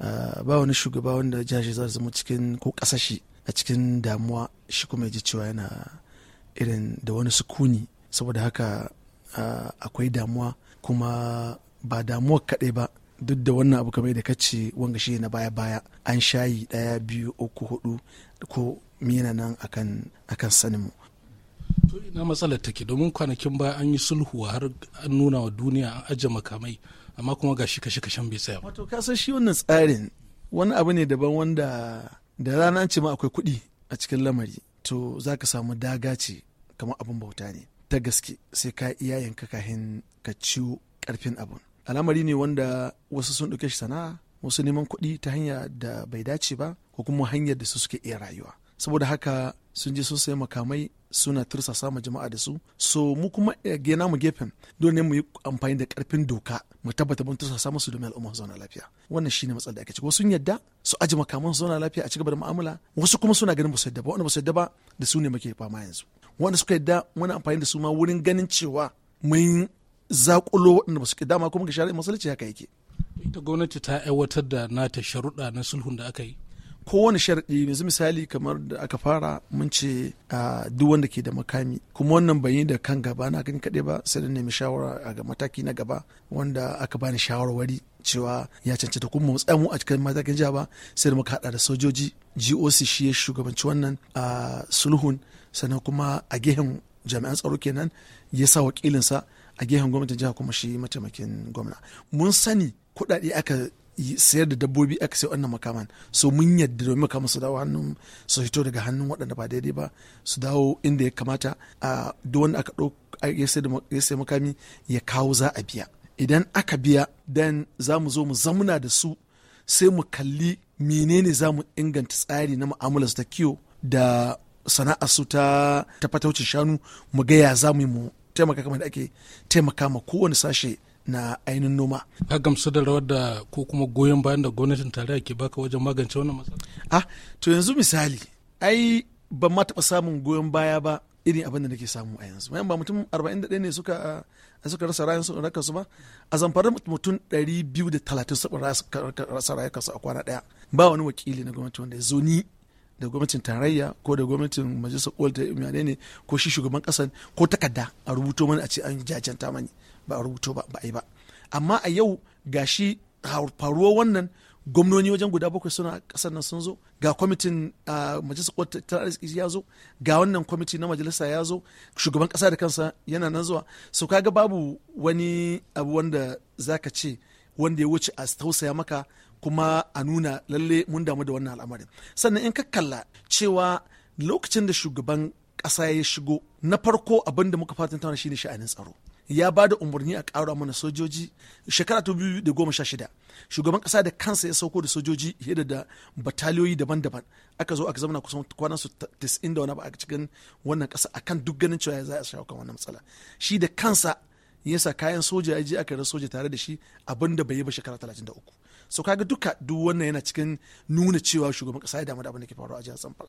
Ah, ba wani shugaba wanda jihar shi za zama cikin ko kasashe a cikin damuwa shi kuma ji cewa yana irin da wani sukuni saboda haka ah, akwai damuwa kuma ba damuwa kaɗai ba duk da wannan abu kamar da kace wanga shi na baya baya an shayi ɗaya biyu uku hudu ko miyana nan akan sanin mu ina matsalar take domin kwanakin baya an yi sulhu har an nuna wa duniya an ajiye makamai amma kuma ga shi kashe kashen bai tsaya wato ka shi wannan tsarin wani abu ne daban wanda da rana ce ma akwai kuɗi a cikin lamari to za ka samu daga ce kamar abin bauta ne ta gaske sai ka iya yanka kahin ka ciwo karfin abin. al'amari ne wanda wasu sun ɗauke shi sana'a wasu neman kuɗi ta hanya da bai dace ba ko kuma hanyar da su suke iya rayuwa saboda haka sun je sun sayi makamai suna tursasa ma jama'a da su so mu kuma eh, gena mu gefen dole ne mu yi amfani da karfin doka mu tabbata mun tursasa su domin al'umma zauna lafiya wannan shine matsalar da ake ciki wasu yadda su aji makaman zauna lafiya a cigaba da mu'amala wasu kuma suna ganin ba su yadda ba wanda ba su yadda ba da su ne muke fama yanzu wanda suka yadda muna amfani da su ma wurin ganin cewa mun zakulo waɗanda ba su dama kuma ga shari'a masalci haka yake ita gwamnati ta aiwatar da nata sharuɗa na sulhun da aka yi kowane sharɗi yanzu misali kamar da aka fara mun ce duk wanda ke da makami kuma wannan ban yi da kan gaba na gani kaɗai ba sai da nemi shawara ga mataki na gaba wanda aka bani shawarwari cewa ya cancanta kuma mu tsaya mu a cikin matakin jiha ba sai da muka haɗa da sojoji GOC shi ya shugabanci wannan a sulhun sannan kuma a gehen jami'an tsaro kenan ya sa wakilinsa a gehen gwamnatin jiha kuma shi mataimakin gwamna mun sani kuɗaɗe aka sayar da dabbobi aka sai wannan makaman so mun yadda domin makaman su dawo hannun su fito daga hannun waɗanda ba daidai ba su dawo inda ya kamata a duk wanda aka ya sai makami ya kawo za a biya idan aka biya dan za mu zo mu zamuna da su sai mu kalli menene za mu inganta tsari na su ta kiwo da sana'a su ta fataucin shanu mu ga ya za mu taimaka kamar da ake taimaka ma kowane sashe na ainihin noma. Ka gamsu da rawar da ko kuma goyon bayan da gwamnatin tarayya ke baka wajen magance wannan matsala? Ah, to yanzu misali, ai ban ma taɓa samun goyon baya ba irin abin da nake samu a yanzu. Wayan ba mutum 41 ne suka suka rasa rayan su raka su ba, a zamfara mutum 230 suka rasa rayukansu a kwana ɗaya. Ba wani wakili na gwamnati wanda ya zo ni da gwamnatin tarayya ko da gwamnatin majalisar kol ta imane ne ko shi shugaban kasan ko takarda a rubuto mana a ce an jajanta mani ba a rubuto ba a yi ba amma a yau ga shi faruwa wannan gwamnoni wajen guda bakwai suna kasar nan sun zo ga kwamitin majalisar ta arziki ya zo ga wannan kwamiti na majalisa ya zo shugaban kasa da kansa yana nan zuwa su kaga babu wani abu wanda zaka ce wanda ya wuce a tausaya maka kuma a nuna lalle mun damu da wannan al'amarin sannan in ka kalla cewa lokacin da shugaban ƙasa ya shigo na farko abin da muka fatan tauna shine sha'anin tsaro ya ba da umarni a ƙara mana sojoji shekara ta biyu da goma sha shida shugaban ƙasa da kansa ya sauko da sojoji hidda da bataliyoyi daban-daban aka zo aka zamana kusan kwanan su tis'in da wani ba a cikin wannan ƙasa akan duk ganin cewa ya za a shawo kan wannan matsala shi da kansa Yasa kayan soja ya je aka soja tare da shi abin da bai yi ba shekara uku so kaga duka duk wannan yana cikin nuna cewa shugaban kasa ya damu da abin da ke faruwa a jihar Zamfara